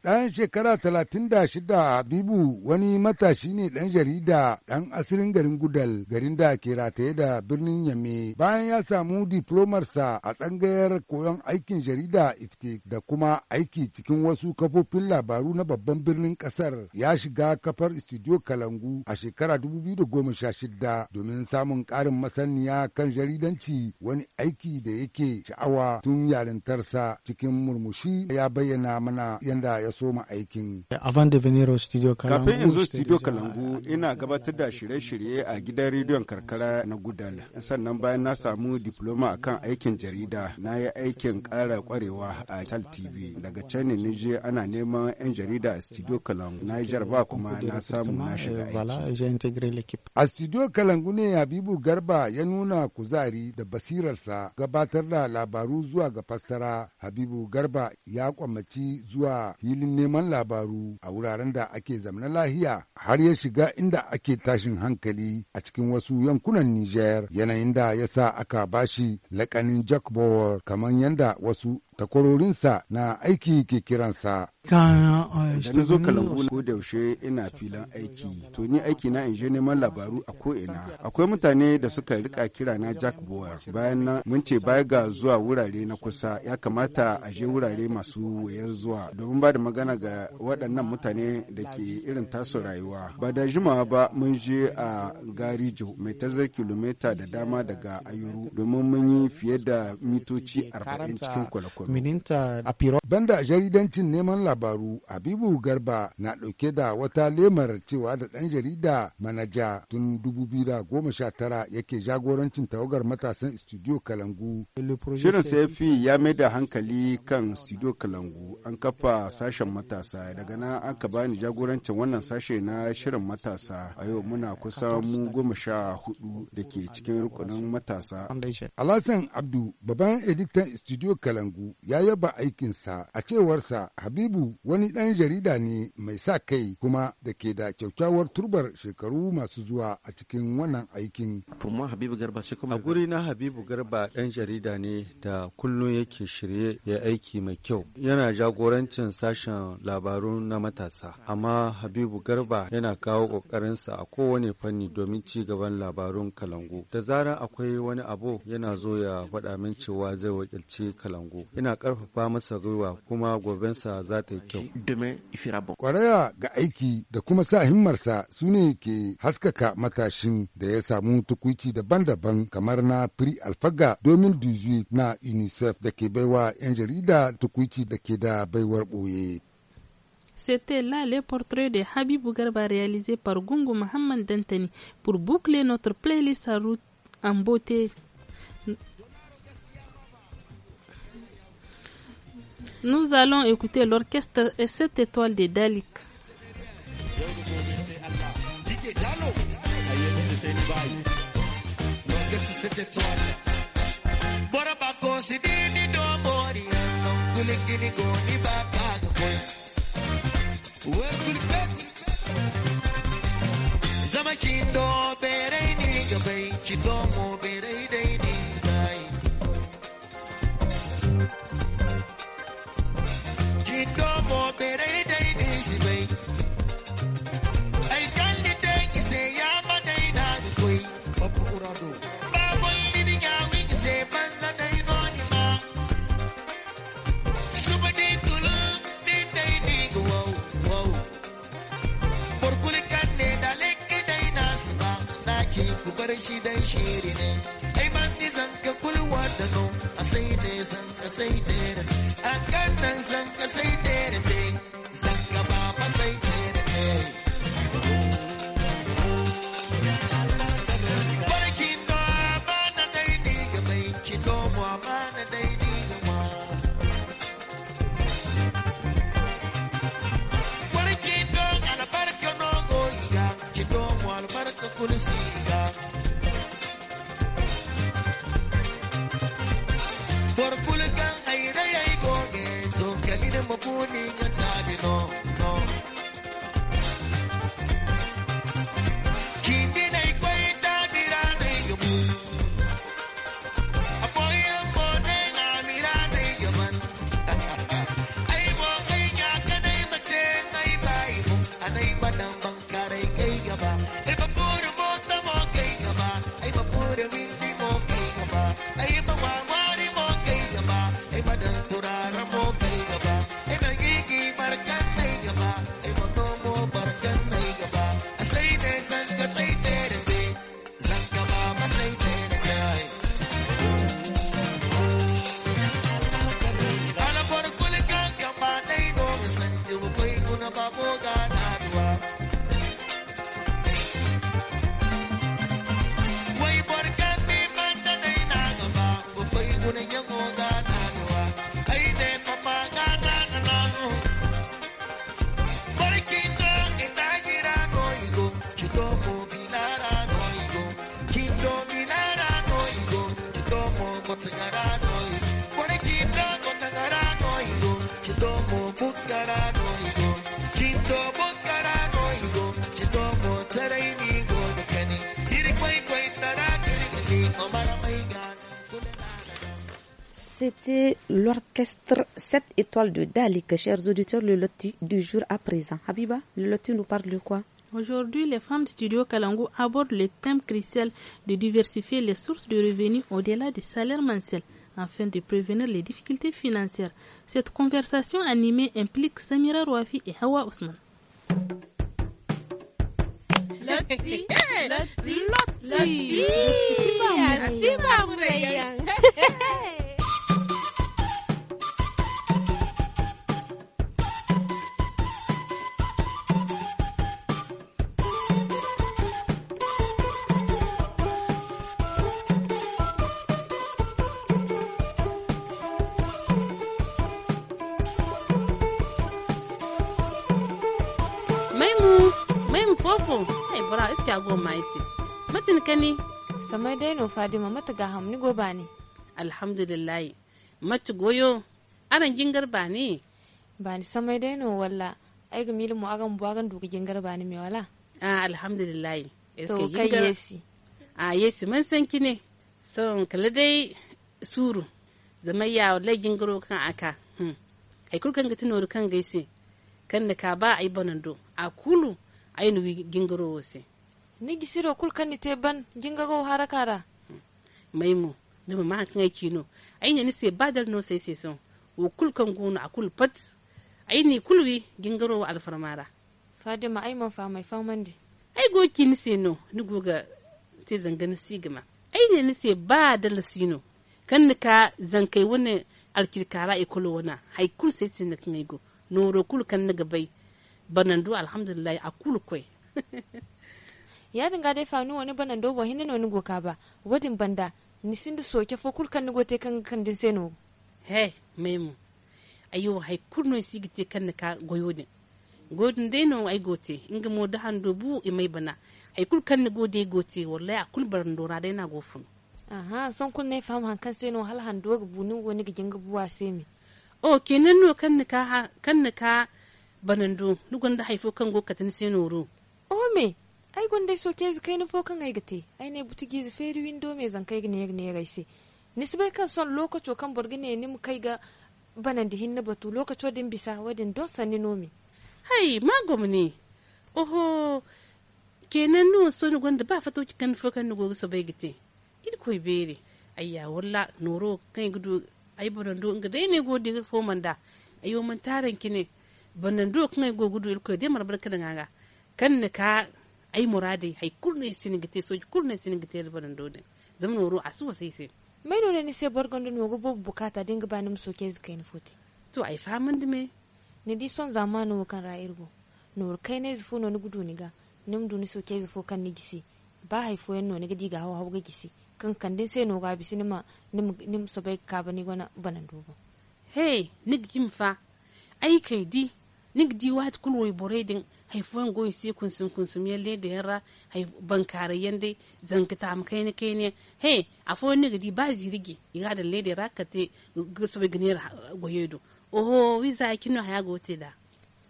ɗan shekara talatin da shida Habibu wani matashi ne ɗan jarida ɗan asirin garin Gudal garin da ke rataye da birnin Yame bayan ya samu diplomarsa a tsangayar koyon aikin jarida iftik da kuma aiki cikin wasu kafofin labaru na babban birnin ƙasar ya shiga kafar studio Kalangu a shekara 2016 domin samun ƙarin masaniya kan jaridanci wani aiki da yake sha'awa tun yarintarsa cikin murmushi ya bayyana mana yadda ya soma aikin. Avant de venir studio Kalangu. Kafin in zo studio Kalangu ina gabatar da shirye-shirye a gidan rediyon karkara na Gudal. Sannan bayan na samu diploma kan aikin jarida na yi aikin ƙara kwarewa a Tal TV. Daga can ne je ana neman 'yan jarida a studio Kalangu. Na yi jarba kuma na samu na shiga aiki. A studio Kalangu ne Habibu Garba ya nuna kuzari da basirarsa gabatar da labaru zuwa ga fassara. Habibu Garba ya kwamaci zuwa fili filin neman labaru a wuraren da ake zamna lahiya har ya shiga inda ake tashin hankali a cikin wasu yankunan Nijar yanayin da ya sa aka bashi lakanin Jack Bauer kamar yadda wasu takwarorinsa na aiki ke kiransa. Eh, da na zo kalangu ko da yaushe ina filan aiki, to ni aiki na in je neman labaru a ko ina. Akwai mutane da suka rika kira na Jack Bower. Bayan nan mun ce baya ga zuwa wurare na kusa ya kamata a je wurare masu wayar zuwa domin ba da magana ga waɗannan mutane da ke irin tasu rayuwa. Ba da jimawa ba mun je a Garijo mai tazar kilomita da dama daga Ayuru domin mun yi fiye da mitoci arba'in cikin kwale Minister Apiro. Banda jaridancin neman labaru Habibu Garba na ɗauke da wata lemar cewa da ɗan jarida manaja tun goma sha 2019 yake jagorancin tawagar matasan Studio Kalangu. Shirin safi ya mai da hankali kan Studio Kalangu an kafa sashen matasa daga nan aka bani jagorancin wannan sashe na shirin matasa a yau muna kusa mu goma sha hudu da ke cikin rukunin matasa. Alhassan Abdu babban editan Studio Kalangu ya yaba aikinsa a cewarsa Habibu wani ɗan jarida ne mai sa kai kuma da ke da kyakkyawar turbar shekaru masu zuwa a cikin wannan aikin. A guri na Habibu Garba ɗan jarida ne da kullum yake shirye ya aiki mai kyau. Yana jagorancin sashen labaru na matasa. Amma Habibu Garba yana kawo ƙoƙarinsa a kowane fanni domin ci gaban labarun kalangu. Da zarar akwai wani abu yana zo ya faɗa min cewa zai wakilci kalangu. ina karfafa masa gwiwa kuma gobensa za ta yi kyau. Kwaraya ga aiki da kuma sa himmarsa su ne ke haskaka matashin da ya samu tukuici daban-daban kamar na Pri Alfaga domin Dujuit na UNICEF da ke baiwa 'yan jarida tukuici da ke da baiwar ɓoye. C'était là les portraits de Habibou Garba réalisés par Gungu Mohamed Dantani pour boucler notre playlist à route en beauté Nous allons écouter l'orchestre et cette étoile des Dalik. bar shi dan shiri ne ai man ni zan ka kulwa da no a sai ne zan ka sai tere a kan nan zan ka sai tere ne zan ka ba ba sai tere ne barki da ba na dai ni ga mai ki do mu na dai de Dalik. Chers auditeurs, le loti du jour à présent. Habiba, le loti nous parle de quoi Aujourd'hui, les femmes du studio Kalangu abordent le thème crucial de diversifier les sources de revenus au-delà des salaires mensuels afin de prévenir les difficultés financières. Cette conversation animée implique Samira Rouafi et Hawa Ousmane. fofo ai bara iske a goma isi mutum ka ne samai dai no fadima mata ga hamni goba ne alhamdulillah mata goyo aran gingar ba ne ba ni samai dai no walla ai ga milimu agan buwagan duga gingar ba ne me wala a alhamdulillah to kai yesi a yesi mun san ki ne son kala dai suru zama ya wallahi gingaro kan aka hmm. ai kurkan ga tunoro kan gaisi kan da ka ba ai banando a kulu ainu gingiro wose ni gisiro kulkan ni teban gingago kara maimu dama ma kan aiki no aini ni se badal no sai sai son wo kulkan a akul pat aini kulwi gingiro wa alfarmara fadima ai man fa mai famandi ai goki ni se no ni goga te zangani sigma ai ne ni se badal sino kan ni ka zankai wani alkirkara ikolo e wana haikul sai sin kan aigo noro kul kan ni gabai Banando alhamdulilayi a kulu koi ya dinga dai fanu wani banando ba bo hinne wani goka ba wadin banda ni da soke fo kul kan gote kan kan din seno he memu ayo hay kurno sigite kan ka goyodin godin dai no ai gote inga mo da hando bu e mai bana hay kul kan gode gote wallahi akul baran dora dai na gofun aha son kun ne fam han kan seno hal hando ga bunin wani gijin gabuwa sai mi o kenan no kan ka kan ka banandu ni gwanda haifo kan go katin se noro o me ai gwanda so ke kai nufo kan ai gate ai ne buti gizi feri windo me zan kai ne ne raise ni bai kan son lokaco kan ne ni mu kai ga banan da hinna batu lokaco din bisa wadin don sani nomi hai magom ne oho kenan nuwa so ni gwanda ba fato ki kan fokan ni gogo so bai gite id koi bere ayya wala noro kan gudu ai borando inga dai ne godi fo manda man taran ne banan do kan go gudu ilko de mar barka nganga kan ne ka ai murade hay kurne gite so kurne sinigite banan do de zaman woro asu sai sai mai nuna ne sai borgon don wogo bo bukata dinga banum so ke zaka in fute to ai famin dime ne di son zamanu kan ra irgo nur kai ne zufu no gudu ni ga nim duni so ke zufu kan ni gisi ba fo yan no ne ga diga hawa hawa gisi kan kan din sai no ga bi sinima nim nim so bai ka bani gona banan do hey nigi kimfa ai kai di nik diwa kun wai boredin haifuwan goyi sai kunsum kunsum yalle da yara bankare yande zankita am kai ne kai ne he afo nik di ba zirige iga da lede rakate gusube gnir goyedo oho wiza kinu haya gote da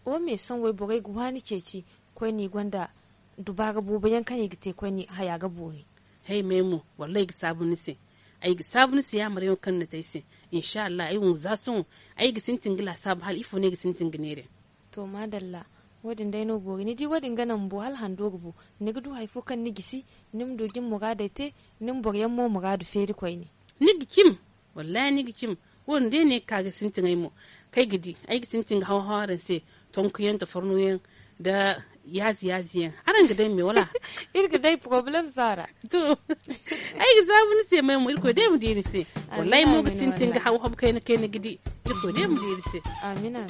o me son wai bogai guwani ceci ko ni gwanda dubara bobe yankan yigite ko ni haya ga bore hey memo wallahi sabu nise ay gi sabun si ya mare kan yi taisi insha Allah ai mu zasun ai ga sintin gila sabu hal ifo ne ga sintin ginere to madalla wadin dai no bori ni di wadin ganan bo hal han dogbo ni gudu haifu kan ni gisi nim dogin mu gada te nim boryan mu mu gada feri koi ni ni kim wallahi ni kim won dai ne kaga sintin ai mu kai gidi ai sintin hawa hawa sai tonkuyen da farnoyen da yazi yazi yan aran gidan me wala irga dai problem sara to ai ga zabun se mai mu irko dai mu dai ni se wallahi mu ga sintin ga hawa hawa kai ni kai ni gidi irko dai mu dai diri se amina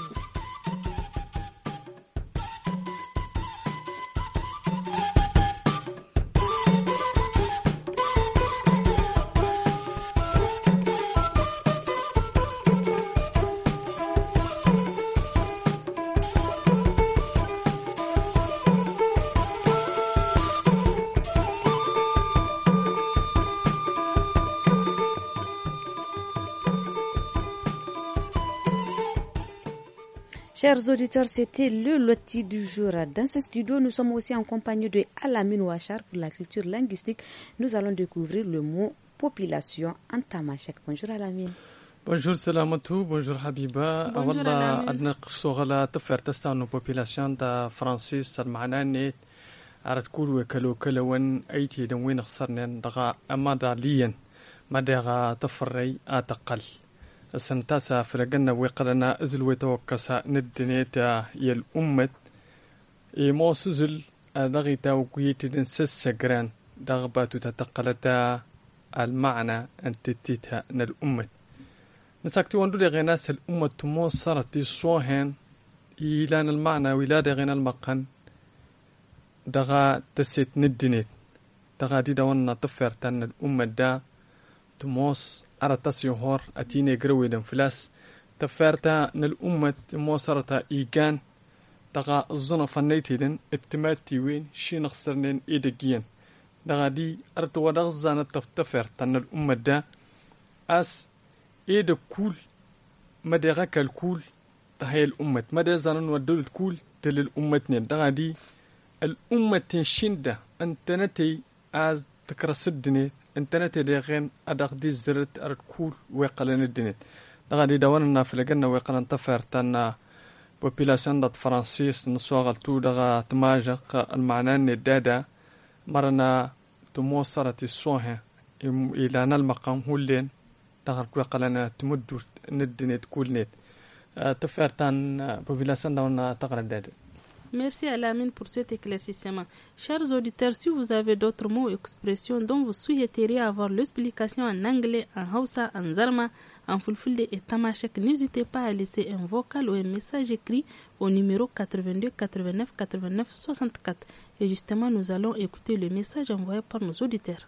Chers auditeurs, c'était le loti du jour. Dans ce studio, nous sommes aussi en compagnie de Alamine Ouachar pour la culture linguistique. Nous allons découvrir le mot population en tamashek. Bonjour Alamine. Bonjour salamatu. bonjour Habiba. Awalla adna qsoghala tafar tastanu population ta Francis salmana ne arat kulu kalu kalawan aiti dan win xsarnen daga amada liyan madaga tafarray ataqal. سنتاسا فرقنا ويقرنا ازل ويتوكسا ندنيتا يل أمت إيمو سزل دغيتا وكيتدن سسجران دغبات تتقلتا المعنى أن تتيتا نل أمت نساكتي وندو غيناس الأمة تمو صارت صوهن إيلان المعنى ولاد غينا المقن دغا تسيت ندنيت دغا دي دوانا طفر تن الأمة دا تموس aratas yohor atine garawedan filas taferta nalummat mosarata igan daqa zona fanaytiden ittimatiwen shinaqsarnen edegiyan daqadi artawadaqzana taftaferta nalummada as eda kuul madeqa kal kuul tahayal ummat made zanan wadolid kuul talil ummatnen daqadi alummatin shinda antanatay as takrasidineed intanatedheeqeen adhaqdii zirat arad ku weeqalanidineed dhaqadii dhawanana filaganna weeqalanta feertana populationdad faransiis nasoaqaltu dhaqa tmaajaq almacnaane dada marana tumoosarati sohe ilaanalmaqan hulleen dhaqan weeqalana tumadur nidineed kulneed ta feertan populationdawana taqra dada Merci à Lamine pour cet éclaircissement. Chers auditeurs, si vous avez d'autres mots ou expressions dont vous souhaiteriez avoir l'explication en anglais, en Hausa, en Zarma, en Fulfulde et Tamashek, n'hésitez pas à laisser un vocal ou un message écrit au numéro 82 89 89 64. Et justement, nous allons écouter le message envoyé par nos auditeurs.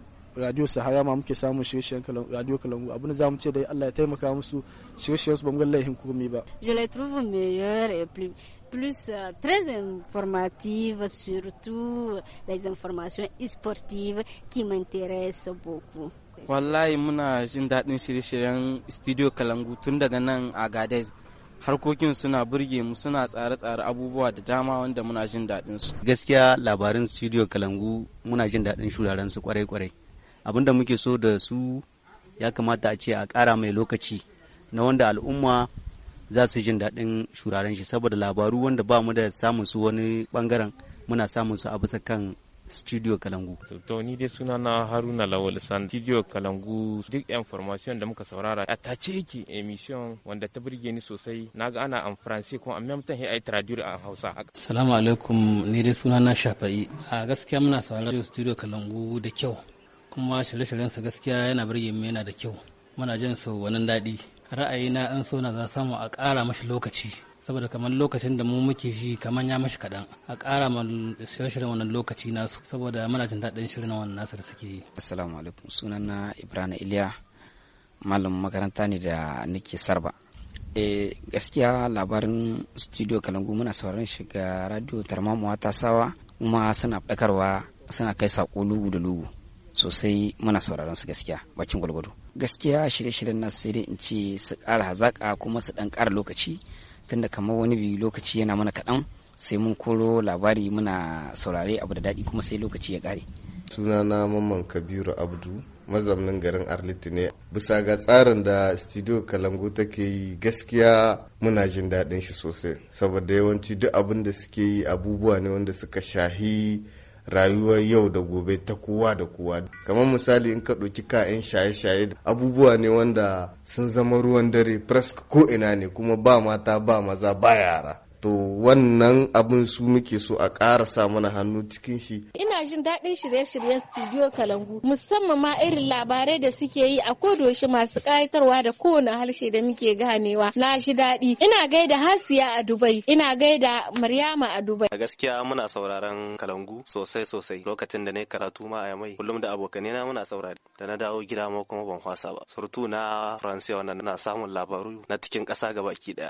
radio sahara ma muke samun shirye-shiryen radio kalangu abin za mu ce dai Allah ya taimaka musu shirye-shiryen su ba mu ga laihin kurmi ba je les trouve meilleurs et plus euh, très informative, surtout les informations sportives qui m'intéressent beaucoup. Wallahi muna jin daɗin shirye-shiryen studio Kalangu tun daga nan a Gadez. Harkokin suna burge mu suna tsare-tsare abubuwa da dama wanda muna jin daɗin su. Gaskiya labarin studio Kalangu muna jin daɗin shuraren su kwarai-kwarai. abin da muke so da su ya kamata a ce a ƙara mai lokaci na wanda al'umma za su jin daɗin shuraren shi saboda labaru wanda ba mu da samun su wani bangaren muna samun su a bisa kan studio kalangu to ni dai suna na haruna lawal san studio kalangu duk information da muka saurara a tace yake emission wanda ta burge ni sosai naga ana an france kuma amma mutan he ai traduire a hausa assalamu alaikum ni dai suna na shafa'i a gaskiya muna saurara studio kalangu da kyau kuma shirye-shiryensu gaskiya yana birge mu yana da kyau muna jin su wannan daɗi ra'ayina an so na za samu a ƙara mashi lokaci saboda kamar lokacin da mu muke ji kamar ya mashi kaɗan a ƙara ma shirye-shiryen wannan lokaci nasu saboda muna jin daɗin shirin wannan nasu da suke yi assalamu alaikum na ibrahim iliya malam makaranta ne da nake sarba e gaskiya labarin studio kalangu muna sauraron shiga radio tarmamuwa ta sawa kuma suna ɗakarwa suna kai saƙo lugu da lugu sosai muna sauraron su gaskiya bakin gwalgwado gaskiya shirye-shiryen nasu sai dai in ce su ƙara hazaƙa kuma su ɗan ƙara lokaci tunda kamar wani biyu lokaci yana mana kaɗan sai mun koro labari muna saurare abu da daɗi kuma sai lokaci ya ƙare. sunana mamman kabiru abdu mazaunin garin arliti ne bisa ga tsarin da studio kalangu take yi gaskiya muna jin daɗin shi sosai saboda yawanci duk abin da suke yi abubuwa ne wanda suka shahi rayuwar yau da gobe ta kowa da kowa kamar misali in ka ɗauki ka'yan shaye-shaye abubuwa ne wanda sun zama ruwan dare ko ina ne kuma ba mata ba maza ba yara to wannan abin su muke so a ƙarasa mana hannu cikin shi ina jin daɗin shirye-shiryen studio kalangu musamman ma irin labarai da suke yi a kodoshi masu ƙayatarwa da kowane harshe da muke ganewa na shi daɗi ina gaida hasiya a dubai ina gaida maryama a dubai a gaskiya muna sauraron kalangu sosai sosai lokacin da na karatu ma a mai kullum da abokan na muna saurari da na dawo gida ma kuma ban kwasa ba surtu na france wannan na samun labaru na cikin ƙasa gabaki ɗaya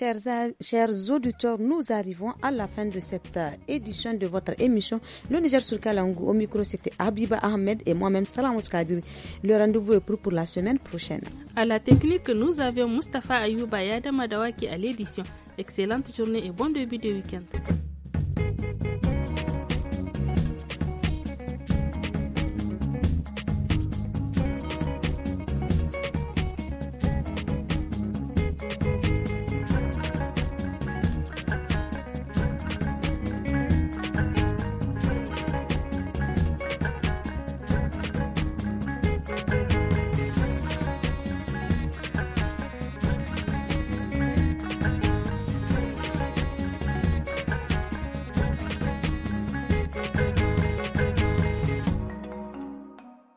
Chers, auditeurs, nous arrivons à la fin de cette euh, édition de votre émission. Le Niger sur Kalangu, au micro, c'était Abiba Ahmed et moi-même Salam Kadir. Le rendez-vous est pour la semaine prochaine. À la technique, nous avions Mustafa Ayouba et Adam à l'édition. Excellente journée et bon début de week-end.